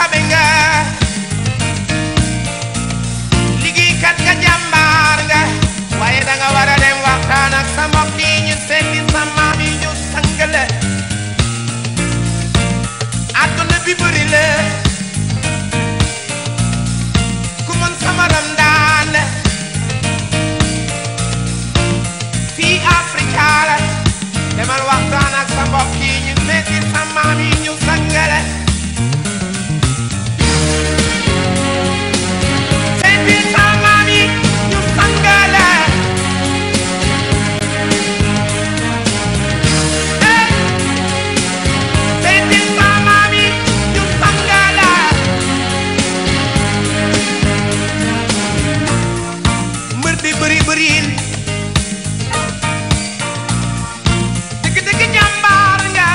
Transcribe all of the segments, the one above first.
sabe nga liggéeykat nga jàmbaar nga waaye danga war a dem waxtaan sa mbokk yi ñu seeti sa maam ñu sang la àdduna bi la bëriin dëgg dëgg jàmbaar nga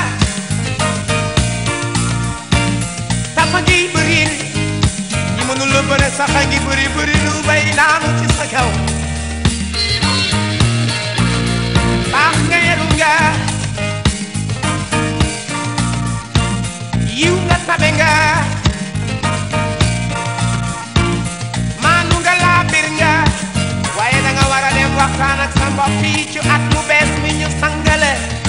tafa ngiy bëriin ñi mënul la bëre sax a ngi bëri bëri lu bay ci sa ba fii ci at mu bees mi ñu